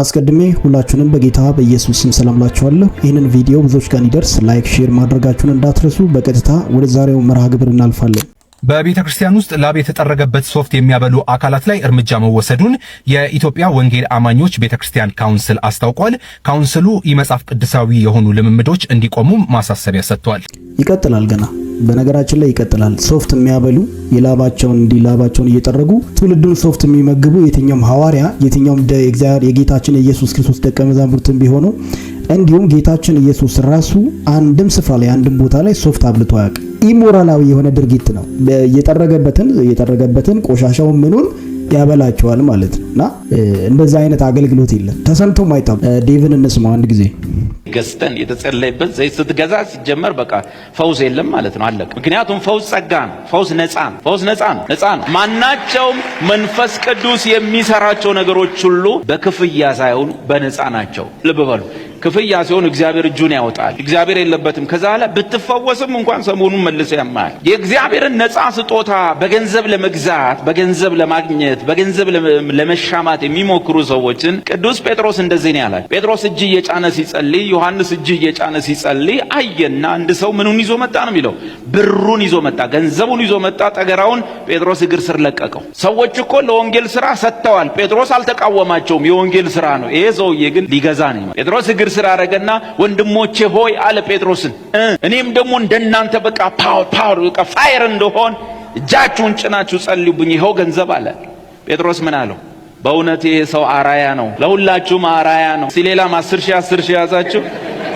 አስቀድሜ ሁላችሁንም በጌታ በኢየሱስ ስም ሰላም ላችኋለሁ። ይህንን ቪዲዮ ብዙዎች ጋር እንዲደርስ ላይክ፣ ሼር ማድረጋችሁን እንዳትረሱ። በቀጥታ ወደ ዛሬው መርሃ ግብር እናልፋለን። በቤተ ክርስቲያን ውስጥ ላብ የተጠረገበት ሶፍት የሚያበሉ አካላት ላይ እርምጃ መወሰዱን የኢትዮጵያ ወንጌል አማኞች ቤተ ክርስቲያን ካውንስል አስታውቋል። ካውንስሉ የመጽሐፍ ቅዱሳዊ የሆኑ ልምምዶች እንዲቆሙ ማሳሰቢያ ሰጥቷል። ይቀጥላል፣ ገና በነገራችን ላይ ይቀጥላል። ሶፍት የሚያበሉ የላባቸውን እንዲህ ላባቸውን እየጠረጉ ትውልዱን ሶፍት የሚመግቡ የትኛውም ሐዋርያ የትኛውም የጌታችን የኢየሱስ ክርስቶስ ደቀ መዛሙርትን ቢሆኑ እንዲሁም ጌታችን ኢየሱስ ራሱ አንድም ስፍራ ላይ አንድም ቦታ ላይ ሶፍት አብልቶ አያውቅ። ኢሞራላዊ የሆነ ድርጊት ነው። የጠረገበትን የጠረገበትን ቆሻሻውን ምኑን ያበላቸዋል ማለት ነው። እና እንደዚህ አይነት አገልግሎት የለም ተሰምቶም አይጣም። ዴቭን እንስማ አንድ ጊዜ ገዝተን የተጸለይበት ዘይት ስትገዛ ሲጀመር በቃ ፈውስ የለም ማለት ነው፣ አለቀ። ምክንያቱም ፈውስ ጸጋ ነው። ፈውስ ነፃ ነው። ፈውስ ነፃ ነው፣ ነፃ ነው። ማናቸውም መንፈስ ቅዱስ የሚሰራቸው ነገሮች ሁሉ በክፍያ ሳይሆኑ በነፃ ናቸው። ልብ በሉ። ክፍያ ሲሆን እግዚአብሔር እጁን ያወጣል። እግዚአብሔር የለበትም። ከዛ በኋላ ብትፈወስም እንኳን ሰሞኑን መልሰ ያማል። የእግዚአብሔርን ነፃ ስጦታ በገንዘብ ለመግዛት፣ በገንዘብ ለማግኘት፣ በገንዘብ ለመሻማት የሚሞክሩ ሰዎችን ቅዱስ ጴጥሮስ እንደዚህ ነው ያላል። ጴጥሮስ እጅ እየጫነ ሲጸልይ፣ ዮሐንስ እጅ እየጫነ ሲጸልይ አየና አንድ ሰው ምኑን ይዞ መጣ ነው የሚለው። ብሩን ይዞ መጣ፣ ገንዘቡን ይዞ መጣ። ጠገራውን ጴጥሮስ እግር ስር ለቀቀው። ሰዎች እኮ ለወንጌል ስራ ሰጥተዋል። ጴጥሮስ አልተቃወማቸውም። የወንጌል ስራ ነው። ይሄ ሰውዬ ግን ሊገዛ ነው። ጴጥሮስ እግር ስር አረገና ወንድሞቼ ሆይ አለ ጴጥሮስን፣ እኔም ደግሞ እንደናንተ በቃ ፓወር ፓወር በቃ ፋየር እንደሆን እጃችሁን ጭናችሁ ጸልዩብኝ፣ ይኸው ገንዘብ አለ። ጴጥሮስ ምን አለው? በእውነት ይሄ ሰው አራያ ነው፣ ለሁላችሁም አራያ ነው። ሲሌላም አስር ሺህ አስር ሺህ ያዛችሁ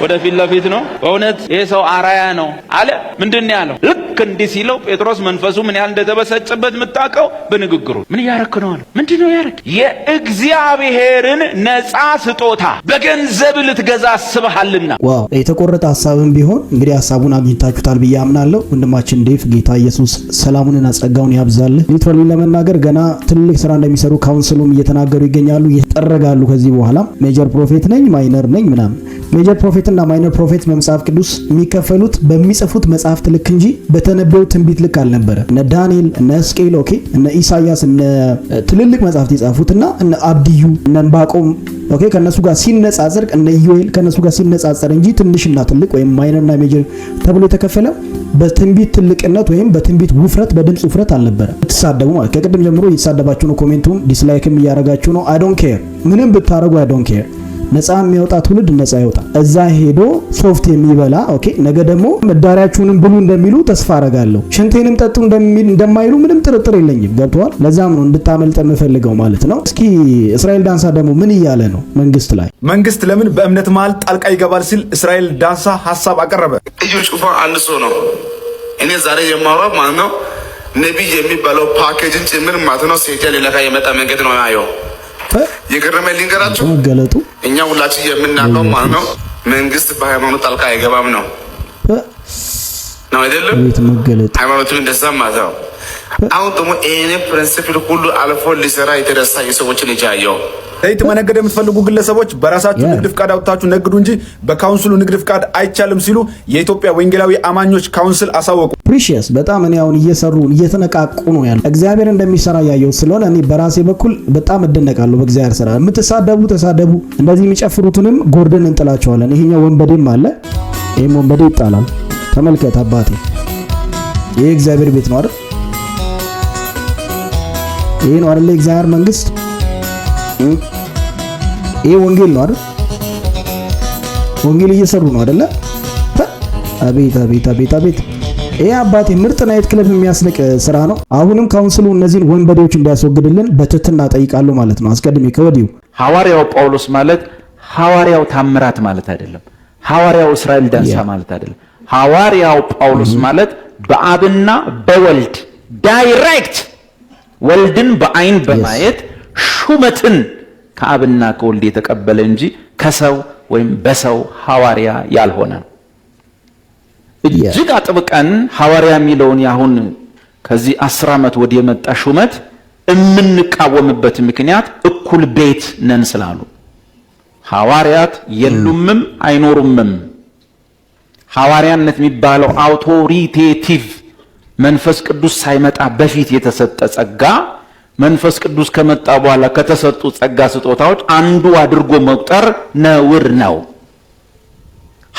ወደ ፊት ለፊት ነው። በእውነት ይህ ሰው አራያ ነው አለ። ምንድን ያለው? ልክ እንዲህ ሲለው ጴጥሮስ መንፈሱ ምን ያህል እንደተበሰጨበት የምታውቀው በንግግሩ። ምን እያረክ ነው አለ። ምንድን ነው ያረክ? የእግዚአብሔርን ነፃ ስጦታ በገንዘብ ልትገዛ አስበሃልና። ዋው! የተቆረጠ ሀሳብን ቢሆን እንግዲህ ሀሳቡን አግኝታችሁታል ብዬ አምናለሁ። ወንድማችን ዴፍ ጌታ ኢየሱስ ሰላሙንና ጸጋውን ያብዛልህ። ሊትራሊ ለመናገር ገና ትልቅ ስራ እንደሚሰሩ ካውንስሉም እየተናገሩ ይገኛሉ። ይጠረጋሉ። ከዚህ በኋላ ሜጀር ፕሮፌት ነኝ ማይነር ነኝ ምናምን ሜጀር ፕሮፌት እና ማይነር ፕሮፌት በመጽሐፍ ቅዱስ የሚከፈሉት በሚጽፉት መጽሐፍት ልክ እንጂ በተነበዩ ትንቢት ልክ አልነበረ። እነ ዳንኤል፣ እነ ሕዝቅኤል፣ ኦኬ፣ እነ ኢሳያስ፣ እነ ትልልቅ መጽሐፍት የጻፉት እና እነ አብድዩ፣ እነ ዕንባቆም ኦኬ፣ ከነሱ ጋር ሲነጻጸር እነ ዩኤል ከነሱ ጋር ሲነጻጸር እንጂ ትንሽና ትልቅ ወይም ማይነር እና ሜጀር ተብሎ የተከፈለ በትንቢት ትልቅነት ወይም በትንቢት ውፍረት በድምፅ ውፍረት አልነበረ። ትሳደቡ ማለት ከቅድም ጀምሮ እየተሳደባችሁ ነው። ኮሜንቱም ዲስላይክም እያረጋችሁ ነው። አይ ዶንት ኬር ምንም ብታረጉ አይ ዶንት ኬር ነፃ የሚያወጣ ትውልድ ነፃ ይወጣል። እዛ ሄዶ ሶፍት የሚበላ ኦኬ። ነገ ደግሞ መዳሪያችሁንም ብሉ እንደሚሉ ተስፋ አረጋለሁ። ሽንቴንም ጠጡ እንደማይሉ ምንም ጥርጥር የለኝም። ገብተዋል። ለዛም ነው እንድታመልጠ የምፈልገው ማለት ነው። እስኪ እስራኤል ዳንሳ ደግሞ ምን እያለ ነው? መንግስት ላይ መንግስት ለምን በእምነት መሀል ጣልቃ ይገባል ሲል እስራኤል ዳንሳ ሀሳብ አቀረበ። እዩ ጩፋ አንድ ሰው ነው። እኔ ዛሬ የማወራው ማለት ነው ነቢይ የሚባለው ፓኬጅን ጭምር ማለት ነው። ሴቴ ሌላካ የመጣ መንገድ ነው ያየው የገረመኝ ልንገራችሁ፣ እኛ ሁላችን የምናውቀው ማለት ነው መንግስት በሃይማኖት ጣልቃ አይገባም ነው ነው አይደለም? መገለጥ ሃይማኖቱ ማለት ነው። አሁን ደግሞ ይህን ፕሪንሲፕል ሁሉ አልፎ ሊሰራ የተነሳ የሰዎች ልጅ አየው ዘይት መነገድ የምትፈልጉ ግለሰቦች በራሳችሁ ንግድ ፍቃድ አውጥታችሁ ነግዱ እንጂ በካውንስሉ ንግድ ፍቃድ አይቻልም ሲሉ የኢትዮጵያ ወንጌላዊ አማኞች ካውንስል አሳወቁ። ፕሪሽየስ በጣም እኔ አሁን እየሰሩ እየተነቃቁ ነው ያሉ እግዚአብሔር እንደሚሰራ ያየው ስለሆነ እኔ በራሴ በኩል በጣም እደነቃለሁ በእግዚአብሔር ስራ። የምትሳደቡ ተሳደቡ፣ እንደዚህ የሚጨፍሩትንም ጎርደን እንጥላቸዋለን። ይሄኛው ወንበዴም አለ፣ ይህም ወንበዴ ይጣላል። ተመልከት አባቴ፣ ይሄ እግዚአብሔር ቤት ነው አይደል? ይሄ ነው አይደል? የእግዚአብሔር መንግስት ይሄ ወንጌል ነው አይደል? ወንጌል እየሰሩ ነው አይደለ? አቤት አቤት አቤት አቤት! ይሄ አባቴ ምርጥ ናይት ክለብ የሚያስንቅ ስራ ነው። አሁንም ካውንስሉ እነዚህን ወንበዴዎች እንዲያስወግድልን በትህትና ጠይቃለሁ ማለት ነው። አስቀድሜ ከወዲሁ ሐዋርያው ጳውሎስ ማለት ሐዋርያው ታምራት ማለት አይደለም። ሐዋርያው እስራኤል ዳንሳ ማለት አይደለም። ሐዋርያው ጳውሎስ ማለት በአብና በወልድ ዳይሬክት ወልድን በአይን በማየት ሹመትን ከአብና ከወልድ የተቀበለ እንጂ ከሰው ወይም በሰው ሐዋርያ ያልሆነ እጅግ አጥብቀን ሐዋርያ የሚለውን ያሁን ከዚህ አስር ዓመት ወዲህ የመጣ ሹመት የምንቃወምበት ምክንያት እኩል ቤት ነን ስላሉ ሐዋርያት የሉምም አይኖሩምም። ሐዋርያነት የሚባለው አውቶሪቴቲቭ መንፈስ ቅዱስ ሳይመጣ በፊት የተሰጠ ጸጋ መንፈስ ቅዱስ ከመጣ በኋላ ከተሰጡ ጸጋ ስጦታዎች አንዱ አድርጎ መቁጠር ነውር ነው።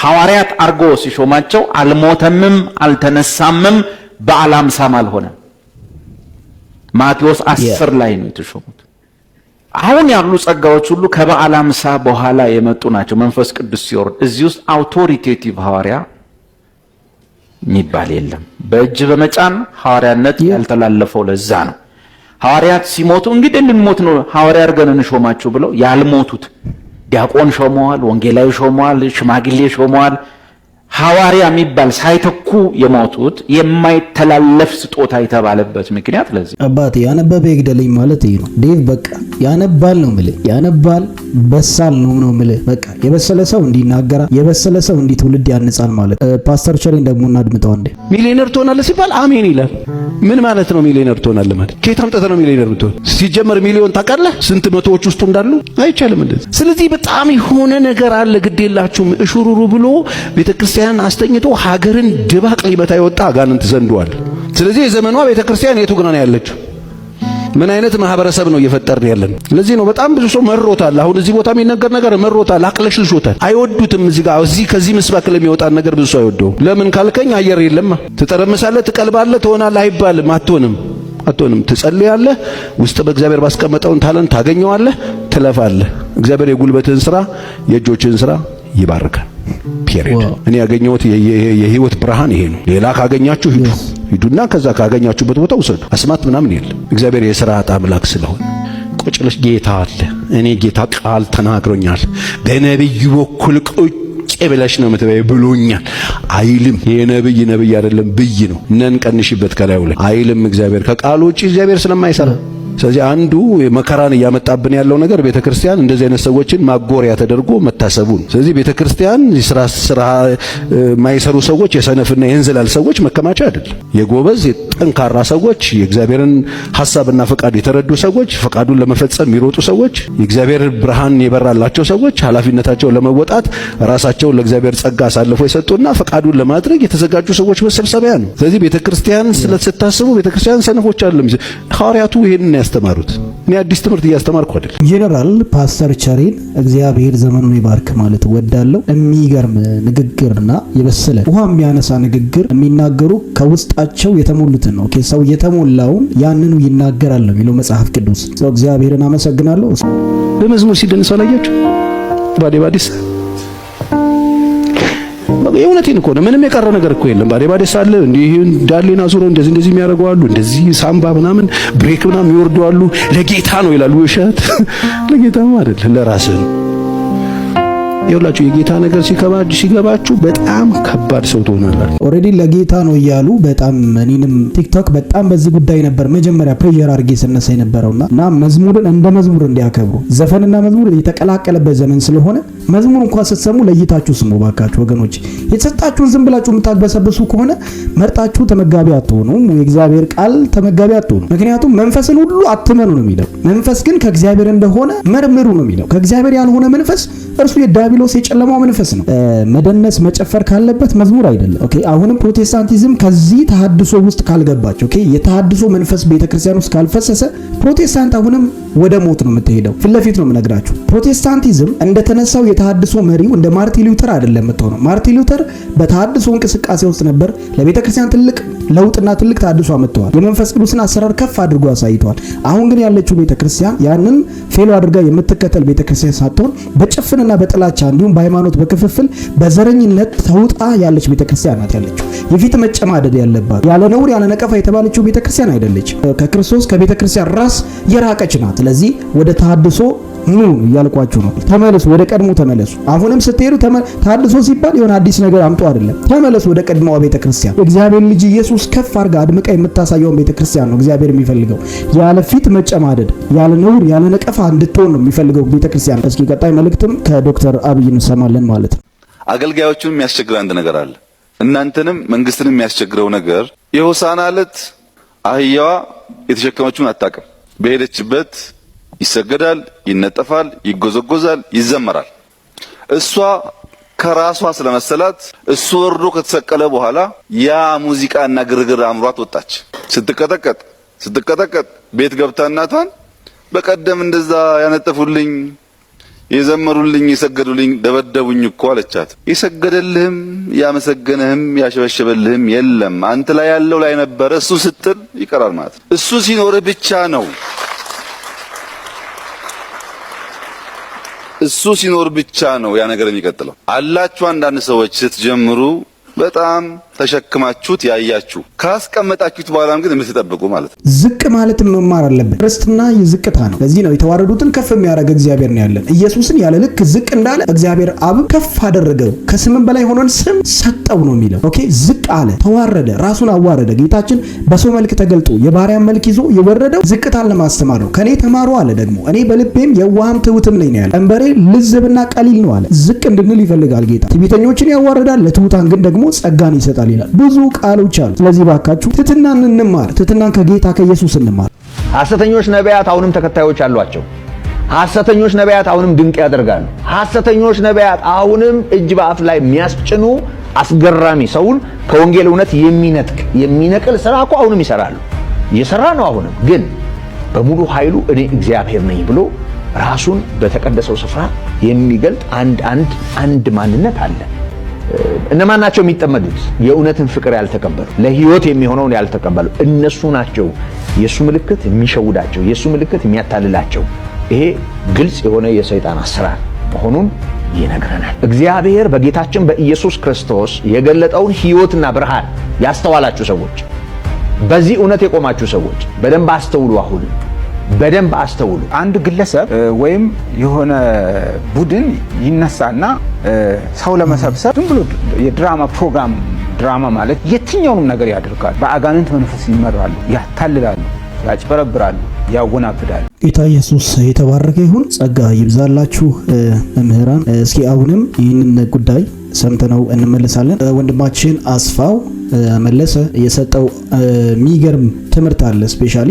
ሐዋርያት አርጎ ሲሾማቸው አልሞተምም፣ አልተነሳምም፣ በአላምሳም አልሆነም። ማቴዎስ አስር ላይ ነው የተሾሙት። አሁን ያሉ ጸጋዎች ሁሉ ከበዓለ ሃምሳ በኋላ የመጡ ናቸው። መንፈስ ቅዱስ ሲወርድ እዚህ ውስጥ አውቶሪቴቲቭ ሐዋርያ የሚባል የለም። በእጅ በመጫን ሐዋርያነት ያልተላለፈው ለዛ ነው። ሐዋርያት ሲሞቱ እንግዲህ ልንሞት ነው ሐዋርያ አድርገን እንሾማችሁ ብለው ያልሞቱት ዲያቆን ሾመዋል፣ ወንጌላዊ ሾመዋል፣ ሽማግሌ ሾመዋል፣ ሐዋርያ የሚባል ሳይተኩ የሞቱት የማይተላለፍ ስጦታ የተባለበት ምክንያት ለዚህ አባቴ ያነበበ ይግደለኝ ማለት ይሄ ነው። ዴቭ በቃ ያነባል ነው ምልህ፣ ያነባል በሳል ነው ነው ምልህ። በቃ የበሰለ ሰው እንዲናገራ? የበሰለ ሰው እንዲ ትውልድ ያንጻል ማለት። ፓስተር ቸሬን ደግሞ እናድምጠው እንዴ። ሚሊዮነር ትሆናለህ ሲባል አሜን ይላል። ምን ማለት ነው? ሚሊዮነር ትሆናለህ ማለት ከየት አምጥተህ ነው ሚሊዮነር የምትሆን? ሲጀመር ሚሊዮን ታውቃለህ? ስንት መቶዎች ውስጡ እንዳሉ አይቻልም እንደዚህ። ስለዚህ በጣም የሆነ ነገር አለ። ግድ የላችሁም እሹሩሩ ብሎ ቤተክርስቲያን ክርስቲያንን አስተኝቶ ሀገርን ድባቅ ሊመታ የወጣ አጋንንት ዘንዷል። ስለዚህ የዘመኗ ቤተ ክርስቲያን የቱ ግና ነው ያለችው? ምን አይነት ማህበረሰብ ነው እየፈጠርን ያለን? ለዚህ ነው በጣም ብዙ ሰው መሮታል። አሁን እዚህ ቦታ የሚነገር ነገር መሮታል፣ አቅለሽልሾታል፣ አይወዱትም። እዚህ ጋር እዚህ ከዚህ ምስባክ ለሚወጣን ነገር ብዙ ሰው አይወደውም። ለምን ካልከኝ አየር የለም። ትጠረምሳለህ፣ ትቀልባለህ፣ ትሆናለህ አይባልም። አትሆንም አትሆንም። ትጸልያለህ፣ ውስጥ በእግዚአብሔር ባስቀመጠውን ታለን ታገኘዋለህ፣ ትለፋለህ። እግዚአብሔር የጉልበትህን ስራ የእጆችህን ስራ ይባርካል። ፔሪድ። እኔ ያገኘሁት የህይወት ብርሃን ይሄ ነው። ሌላ ካገኛችሁ ሂዱ ሂዱና ከዛ ካገኛችሁበት ቦታ ውሰዱ። አስማት ምናምን የለ። እግዚአብሔር የሥርዓት አምላክ ስለሆነ ቁጭለሽ ጌታ አለ። እኔ ጌታ ቃል ተናግሮኛል በነብዩ በኩል ቁጭ ብለሽ ነው የምትበይ ብሎኛል አይልም። ይሄ ነብይ ነብይ አይደለም ብይ ነው። ነን ቀንሽበት ከላይ አይልም። እግዚአብሔር ከቃሉ ውጭ እግዚአብሔር ስለማይሰራ ስለዚህ አንዱ መከራን እያመጣብን ያለው ነገር ቤተ ክርስቲያን እንደዚህ አይነት ሰዎችን ማጎሪያ ተደርጎ መታሰቡን። ስለዚህ ቤተ ክርስቲያን ስራ ማይሰሩ ሰዎች፣ የሰነፍና የእንዝላል ሰዎች መከማቻ አይደለም። የጎበዝ ጠንካራ ሰዎች፣ የእግዚአብሔርን ሐሳብና ፈቃድ የተረዱ ሰዎች፣ ፈቃዱን ለመፈጸም የሚሮጡ ሰዎች፣ የእግዚአብሔር ብርሃን የበራላቸው ሰዎች ኃላፊነታቸውን ለመወጣት ራሳቸውን ለእግዚአብሔር ጸጋ አሳልፎ የሰጡና ፈቃዱን ለማድረግ የተዘጋጁ ሰዎች መሰብሰቢያ ነው። ስለዚህ ቤተ ክርስቲያን ስታስቡ ቤተ ክርስቲያን ሰነፎች አይደለም። ሐዋርያቱ ይህንን ያስተማሩት። እኔ አዲስ ትምህርት እያስተማርኩ አይደለም። ጄኔራል ፓስተር ቸሬን እግዚአብሔር ዘመኑን ይባርክ ማለት ወዳለው የሚገርም ንግግርና የበሰለ ውሃ የሚያነሳ ንግግር የሚናገሩ ከውስጣቸው የተሞሉትን ነው። ሰው የተሞላውን ያንኑ ይናገራል ነው የሚለው መጽሐፍ ቅዱስ። ሰው እግዚአብሔርን አመሰግናለሁ። በመዝሙር ሲደንሰው አላያችሁ ባዴ ባዲስ የእውነቴን እኮ ነው። ምንም የቀረው ነገር እኮ የለም። ባዴ ባዴ ሳለ እንዲህ ዳሌን ዙሮ እንደዚህ እንደዚህ የሚያደርጉ አሉ። እንደዚህ ሳምባ ምናምን ብሬክ ምናምን ይወርዱ አሉ። ለጌታ ነው ይላሉ። ውሸት ለጌታማ አይደል፣ ለራስህ ነው። ይኸውላችሁ የጌታ ነገር ሲከባጅ ሲገባችሁ በጣም ከባድ ሰው ትሆናላችሁ። ኦልሬዲ ለጌታ ነው እያሉ በጣም እኔንም ቲክቶክ በጣም በዚህ ጉዳይ ነበር መጀመሪያ ፕሬየር አድርጌ ስነሳ የነበረውና እና መዝሙርን እንደ መዝሙር እንዲያከብሩ ዘፈንና መዝሙር የተቀላቀለበት ዘመን ስለሆነ መዝሙር እንኳን ስትሰሙ ለይታችሁ ስሙ ባካችሁ ወገኖች። የተሰጣችሁን ዝም ብላችሁ የምታግበሰብሱ ከሆነ መርጣችሁ ተመጋቢ አትሆኑም። የእግዚአብሔር ቃል ተመጋቢ አትሆኑ። ምክንያቱም መንፈስን ሁሉ አትመኑ ነው የሚለው። መንፈስ ግን ከእግዚአብሔር እንደሆነ መርምሩ ነው የሚለው። ከእግዚአብሔር ያልሆነ መንፈስ እርሱ የዳቢሎስ የጨለማው መንፈስ ነው። መደነስ መጨፈር ካለበት መዝሙር አይደለም። ኦኬ አሁንም ፕሮቴስታንቲዝም ከዚህ ተሐድሶ ውስጥ ካልገባቸው ኦኬ የተሐድሶ መንፈስ ቤተክርስቲያን ውስጥ ካልፈሰሰ ፕሮቴስታንት አሁንም ወደ ሞት ነው የምትሄደው። ፊት ለፊት ነው የምነግራችሁ ፕሮቴስታንቲዝም እንደተነሳው የተሃድሶ መሪው እንደ ማርቲን ሉተር አይደለም የምትሆነው። ማርቲን ሉተር በተሃድሶ እንቅስቃሴ ውስጥ ነበር። ለቤተ ክርስቲያን ትልቅ ለውጥና ትልቅ ተሃድሶ አመጥተዋል። የመንፈስ ቅዱስን አሰራር ከፍ አድርጎ አሳይተዋል። አሁን ግን ያለችው ቤተ ክርስቲያን ያንን ፌሎ አድርጋ የምትከተል ቤተ ክርስቲያን ሳትሆን በጭፍንና በጥላቻ እንዲሁም በሃይማኖት በክፍፍል በዘረኝነት ተውጣ ያለች ቤተ ክርስቲያን ናት ያለችው። የፊት መጨማደድ ያለባት ያለ ነውር ያለ ነቀፋ የተባለችው ቤተ ክርስቲያን አይደለች። ከክርስቶስ ከቤተ ክርስቲያን ራስ የራቀች ናት። ስለዚህ ወደ ተሃድሶ ኑ እያልኳችሁ ነው። ተመለሱ፣ ወደ ቀድሞ ተመለሱ። አሁንም ስትሄዱ ታድሶ ሲባል የሆነ አዲስ ነገር አምጡ አይደለም። ተመለሱ ወደ ቀድሞዋ ቤተክርስቲያን፣ እግዚአብሔር ልጅ ኢየሱስ ከፍ አድርጋ አድምቃ የምታሳየውን ቤተክርስቲያን ነው እግዚአብሔር የሚፈልገው። ያለ ፊት መጨማደድ፣ ያለ ነውር፣ ያለ ነቀፋ እንድትሆን ነው የሚፈልገው ክርስቲያን። እስኪ ቀጣይ መልእክትም ከዶክተር አብይ እንሰማለን ማለት ነው። አገልጋዮቹን የሚያስቸግር አንድ ነገር አለ። እናንተንም መንግስትንም የሚያስቸግረው ነገር የሆሳና ዕለት አህያዋ የተሸከመችውን አታውቅም። በሄደችበት ይሰገዳል ይነጠፋል፣ ይጎዘጎዛል፣ ይዘመራል። እሷ ከራሷ ስለመሰላት እሱ ወርዶ ከተሰቀለ በኋላ ያ ሙዚቃና ግርግር አምሯት ወጣች። ስትቀጠቀጥ ስትቀጠቀጥ ቤት ገብታ እናቷን በቀደም እንደዛ ያነጠፉልኝ የዘመሩልኝ የሰገዱልኝ ደበደቡኝ እኮ አለቻት። የሰገደልህም ያመሰገነህም ያሸበሸበልህም የለም። አንተ ላይ ያለው ላይ ነበረ። እሱ ስትል ይቀራል ማለት ነው። እሱ ሲኖርህ ብቻ ነው እሱ ሲኖር ብቻ ነው ያ ነገር የሚቀጥለው። አላችሁ አንዳንድ ሰዎች ስትጀምሩ በጣም ተሸክማችሁት ያያችሁ ካስቀመጣችሁት በኋላም ግን የምትጠብቁ ማለት ነው። ዝቅ ማለት መማር አለብን። ርስትና የዝቅታ ነው። ለዚህ ነው የተዋረዱትን ከፍ የሚያደርግ እግዚአብሔር ነው ያለን። ኢየሱስን ያለ ልክ ዝቅ እንዳለ እግዚአብሔር አብ ከፍ አደረገው፣ ከስምም በላይ ሆኖን ስም ሰጠው ነው የሚለው። ኦኬ ዝቅ አለ፣ ተዋረደ፣ ራሱን አዋረደ። ጌታችን በሰው መልክ ተገልጦ የባሪያን መልክ ይዞ የወረደው ዝቅታን ለማስተማር ነው። ከእኔ ተማሩ አለ። ደግሞ እኔ በልቤም የዋህም ትሑትም ነኝ ያለ ቀንበሬ ልዝብና ቀሊል ነው አለ። ዝቅ እንድንል ይፈልጋል ጌታ። ትዕቢተኞችን ያዋረዳል፣ ለትሑታን ግን ደግሞ ጸጋን ይሰጣል። ይችላል ይላል። ብዙ ቃሎች አሉ። ስለዚህ ባካችሁ ትትናን እንማር፣ ትትናን ከጌታ ከኢየሱስ እንማር። ሐሰተኞች ነቢያት አሁንም ተከታዮች አሏቸው። ሐሰተኞች ነቢያት አሁንም ድንቅ ያደርጋሉ። ሐሰተኞች ነቢያት አሁንም እጅ በአፍ ላይ የሚያስጭኑ አስገራሚ ሰውን ከወንጌል እውነት የሚነጥቅ የሚነቅል ስራ እኮ አሁንም ይሰራሉ። እየሰራ ነው። አሁንም ግን በሙሉ ኃይሉ እኔ እግዚአብሔር ነኝ ብሎ ራሱን በተቀደሰው ስፍራ የሚገልጥ አንድ አንድ አንድ ማንነት አለ። እነማን ናቸው የሚጠመዱት? የእውነትን ፍቅር ያልተቀበሉ ለህይወት የሚሆነውን ያልተቀበሉ እነሱ ናቸው። የእሱ ምልክት የሚሸውዳቸው፣ የእሱ ምልክት የሚያታልላቸው። ይሄ ግልጽ የሆነ የሰይጣን አሰራር መሆኑን ይነግረናል። እግዚአብሔር በጌታችን በኢየሱስ ክርስቶስ የገለጠውን ህይወትና ብርሃን ያስተዋላችሁ ሰዎች፣ በዚህ እውነት የቆማችሁ ሰዎች በደንብ አስተውሉ አሁን በደንብ አስተውሉ። አንድ ግለሰብ ወይም የሆነ ቡድን ይነሳና ሰው ለመሰብሰብ ዝም ብሎ የድራማ ፕሮግራም ድራማ ማለት የትኛውንም ነገር ያደርጋል። በአጋንንት መንፈስ ይመራሉ፣ ያታልላሉ፣ ያጭበረብራሉ፣ ያወናብዳሉ። ጌታ ኢየሱስ የተባረከ ይሁን። ጸጋ ይብዛላችሁ መምህራን። እስኪ አሁንም ይህንን ጉዳይ ሰምተነው እንመለሳለን። ወንድማችን አስፋው መለሰ የሰጠው የሚገርም ትምህርት አለ። ስፔሻሊ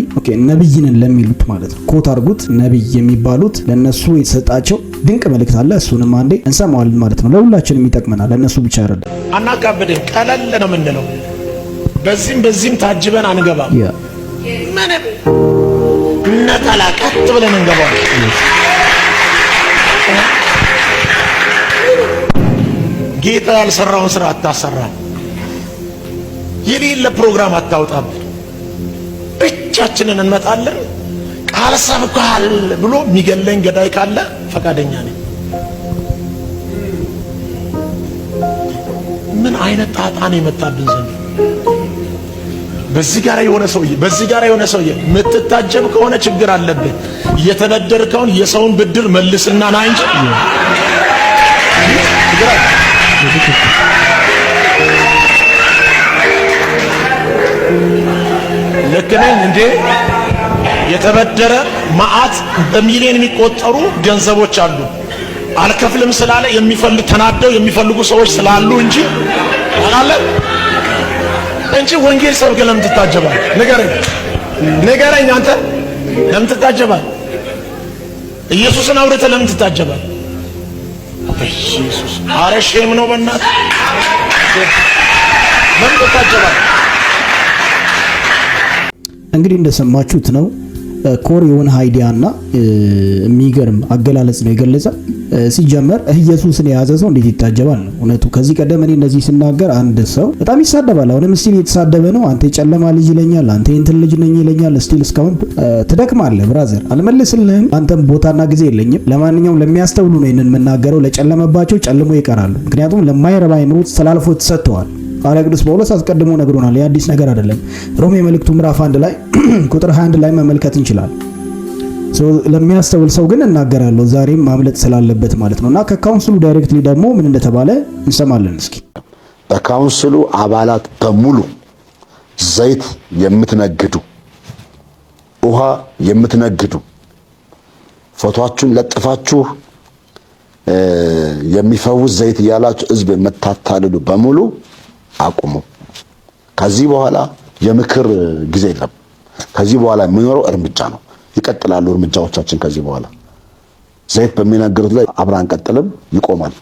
ነብይንን ለሚሉት ማለት ነው ኮት አርጉት ነብይ የሚባሉት ለነሱ የተሰጣቸው ድንቅ መልእክት አለ። እሱንም አንዴ እንሰማዋለን ማለት ነው። ለሁላችንም ይጠቅመናል። ለነሱ ብቻ አይደለም። አናካብድም፣ ቀለል ነው የምንለው። በዚህም በዚህም ታጅበን አንገባም። ምንም ነጠላ ቀጥ ብለን እንገባዋለን። ጌታ ያልሰራውን ስራ አታሰራ። የሌለ ፕሮግራም አታውጣብን። ብቻችንን እንመጣለን። ቃል ሰብኳል ብሎ የሚገለኝ ገዳይ ካለ ፈቃደኛ ነኝ። ምን አይነት ጣጣ ነው የመጣብን ዘንድ በዚህ ጋር የሆነ ሰውዬ በዚህ ጋር የሆነ ሰውዬ የምትታጀብ ከሆነ ችግር አለብን። የተበደርከውን የሰውን ብድር መልስና ና እንጂ ልክ ነኝ እንዴ? የተበደረ መዓት በሚሊዮን የሚቆጠሩ ገንዘቦች አሉ። አልከፍልም ስላለ የሚፈልግ ተናደው የሚፈልጉ ሰዎች ስላሉ እንጂ አላለ እንጂ ወንጌል ሰብከ ለምን ትታጀባል? ንገረኝ ንገረኝ፣ አንተ ለምን ትታጀባል? ኢየሱስን አውርተ ለምን ትታጀባል? በኢየሱስ አረ ሼም ነው በእናት ምን እንግዲህ እንደሰማችሁት ነው። ኮር የሆነ አይዲያ እና የሚገርም አገላለጽ ነው የገለጸው ሲጀመር ኢየሱስን የያዘ ሰው እንዴት ይታጀባል ነው እውነቱ። ከዚህ ቀደም እኔ እንደዚህ ስናገር አንድ ሰው በጣም ይሳደባል፣ አሁንም ስቲል እየተሳደበ ነው። አንተ የጨለማ ልጅ ይለኛል፣ አንተ የእንትን ልጅ ነኝ ይለኛል። ስቲል እስካሁን ትደክማለህ ብራዘር፣ አልመልስልህም። አንተም ቦታና ጊዜ የለኝም። ለማንኛውም ለሚያስተውሉ ነው ይህንን የምናገረው፣ ለጨለመባቸው ጨልሞ ይቀራሉ። ምክንያቱም ለማይረባ አይምሮ ተላልፎ ተሰጥተዋል። ሐዋርያ ቅዱስ ጳውሎስ አስቀድሞ ነግሮናል። የአዲስ ነገር አይደለም። ሮሜ መልእክቱ ምዕራፍ አንድ ላይ ቁጥር 21 ላይ መመልከት እንችላለን። ለሚያስተውል ሰው ግን እናገራለሁ ዛሬም ማምለጥ ስላለበት ማለት ነው። እና ከካውንስሉ ዳይሬክትሊ ደግሞ ምን እንደተባለ እንሰማለን። እስኪ በካውንስሉ አባላት በሙሉ ዘይት የምትነግዱ፣ ውሃ የምትነግዱ ፎቶችሁን ለጥፋችሁ የሚፈውስ ዘይት እያላችሁ ህዝብ የምታታልሉ በሙሉ አቁሙ። ከዚህ በኋላ የምክር ጊዜ የለም። ከዚህ በኋላ የሚኖረው እርምጃ ነው። ይቀጥላሉ እርምጃዎቻችን ከዚህ በኋላ ዘይት በሚነግሩት ላይ አብረን አንቀጥልም፣ ይቆማል።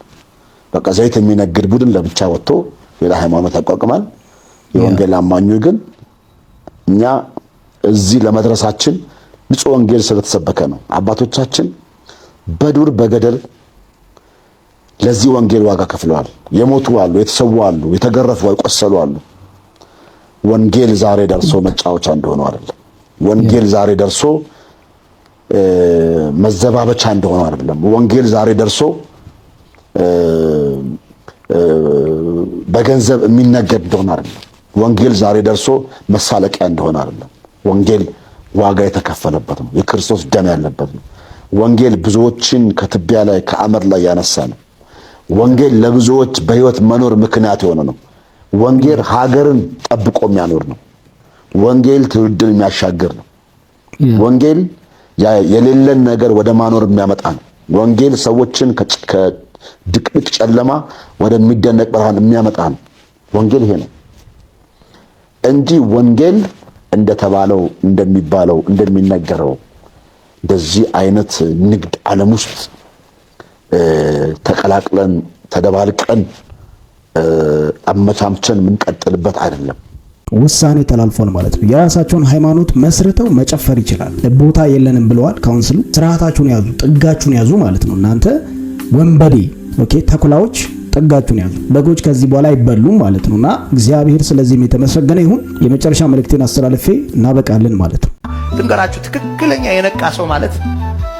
በቃ ዘይት የሚነግድ ቡድን ለብቻ ወጥቶ ሌላ ሃይማኖት ያቋቁማል። የወንጌል አማኙ ግን እኛ እዚህ ለመድረሳችን ንጹሕ ወንጌል ስለተሰበከ ነው። አባቶቻችን በዱር በገደል ለዚህ ወንጌል ዋጋ ከፍለዋል። የሞቱ አሉ፣ የተሰዉ አሉ፣ የተገረፉ የቆሰሉ አሉ። ወንጌል ዛሬ ደርሶ መጫወቻ እንደሆነው አይደለም። ወንጌል ዛሬ ደርሶ መዘባበቻ እንደሆነ አይደለም። ወንጌል ዛሬ ደርሶ በገንዘብ የሚነገድ እንደሆነ አይደለም። ወንጌል ዛሬ ደርሶ መሳለቂያ እንደሆነ አይደለም። ወንጌል ዋጋ የተከፈለበት ነው። የክርስቶስ ደም ያለበት ነው። ወንጌል ብዙዎችን ከትቢያ ላይ ከአመድ ላይ ያነሳ ነው። ወንጌል ለብዙዎች በሕይወት መኖር ምክንያት የሆነ ነው። ወንጌል ሀገርን ጠብቆ የሚያኖር ነው። ወንጌል ትውልድን የሚያሻግር ነው። ወንጌል የሌለን ነገር ወደ ማኖር የሚያመጣ ነው። ወንጌል ሰዎችን ከድቅድቅ ጨለማ ወደሚደነቅ ብርሃን የሚያመጣ ነው። ወንጌል ይሄ ነው እንጂ ወንጌል እንደተባለው እንደሚባለው እንደሚነገረው በዚህ አይነት ንግድ ዓለም ውስጥ ተቀላቅለን ተደባልቀን አመቻምቸን የምንቀጥልበት አይደለም። ውሳኔ ተላልፏል ማለት ነው። የራሳቸውን ሃይማኖት መስርተው መጨፈር ይችላል። ቦታ የለንም ብለዋል ካውንስሉ። ስርዓታችሁን ያዙ፣ ጥጋችሁን ያዙ ማለት ነው። እናንተ ወንበዴ ኦኬ፣ ተኩላዎች ጥጋችሁን ያዙ። በጎች ከዚህ በኋላ አይበሉም ማለት ነውና እግዚአብሔር ስለዚህም የተመሰገነ ይሁን። የመጨረሻ መልእክቴን አስተላልፌ እናበቃለን ማለት ነው። ድንገራችሁ ትክክለኛ የነቃ ሰው ማለት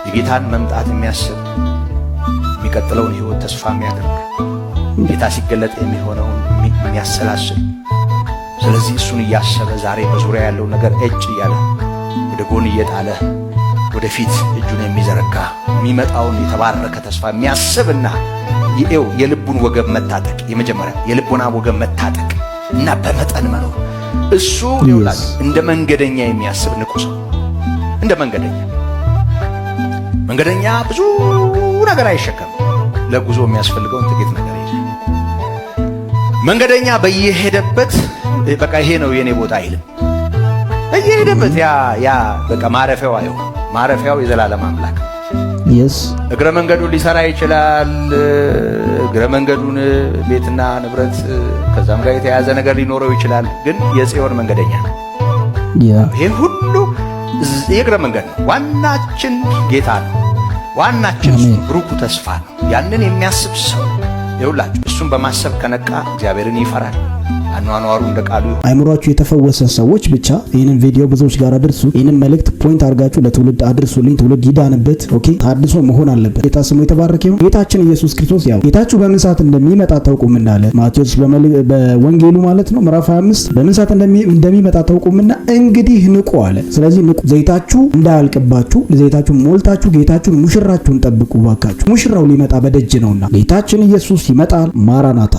የጌታን መምጣት የሚያስብ የሚቀጥለውን ህይወት ተስፋ የሚያደርግ ጌታ ሲገለጥ የሚሆነውን የሚያሰላስል ስለዚህ እሱን እያሰበ ዛሬ በዙሪያ ያለው ነገር እጭ እያለ ወደ ጎን እየጣለ ወደፊት እጁን የሚዘረጋ የሚመጣውን የተባረከ ተስፋ የሚያስብና ይኤው የልቡን ወገብ መታጠቅ የመጀመሪያ የልቦና ወገብ መታጠቅ እና በመጠን መኖር እሱ ይውላል። እንደ መንገደኛ የሚያስብ ንቁ ሰው እንደ መንገደኛ መንገደኛ ብዙ ነገር አይሸከም። ለጉዞ የሚያስፈልገውን ጥቂት ነገር ይዘ መንገደኛ በየሄደበት በቃ ይሄ ነው የኔ ቦታ አይልም። እየሄደበት ያ ያ በቃ ማረፊያው አይሆን ማረፊያው የዘላለም አምላክ እግረ መንገዱን ሊሰራ ይችላል። እግረ መንገዱን ቤትና ንብረት ከዛም ጋር የተያያዘ ነገር ሊኖረው ይችላል። ግን የጽዮን መንገደኛ ነው። ይህ ሁሉ የእግረ መንገድ ነው። ዋናችን ጌታ ነው። ዋናችን ብሩኩ ተስፋ ነው። ያንን የሚያስብ ሰው ይውላችሁ፣ እሱን በማሰብ ከነቃ እግዚአብሔርን ይፈራል። አኗኗሩ እንደ ቃሉ አይምሯችሁ የተፈወሰ ሰዎች ብቻ ይህንን ቪዲዮ ብዙዎች ጋር አድርሱ። ይህንን መልእክት ፖይንት አድርጋችሁ ለትውልድ አድርሱልኝ። ትውልድ ይዳንበት። ኦኬ ታድሶ መሆን አለበት። ጌታ ስሙ የተባረከ ይሁን። ጌታችን ኢየሱስ ክርስቶስ ያው ጌታችሁ በምን ሰዓት እንደሚመጣ አታውቁምና አለ ማቴዎስ በወንጌሉ ማለት ነው ምዕራፍ 25 በምን ሰዓት እንደሚመጣ አታውቁምና እንግዲህ ንቁ አለ። ስለዚህ ንቁ ዘይታችሁ እንዳያልቅባችሁ፣ ዘይታችሁ ሞልታችሁ ጌታችሁን ሙሽራችሁን ጠብቁ ባካችሁ፣ ሙሽራው ሊመጣ በደጅ ነውና ጌታችን ኢየሱስ ይመጣል። ማራናታ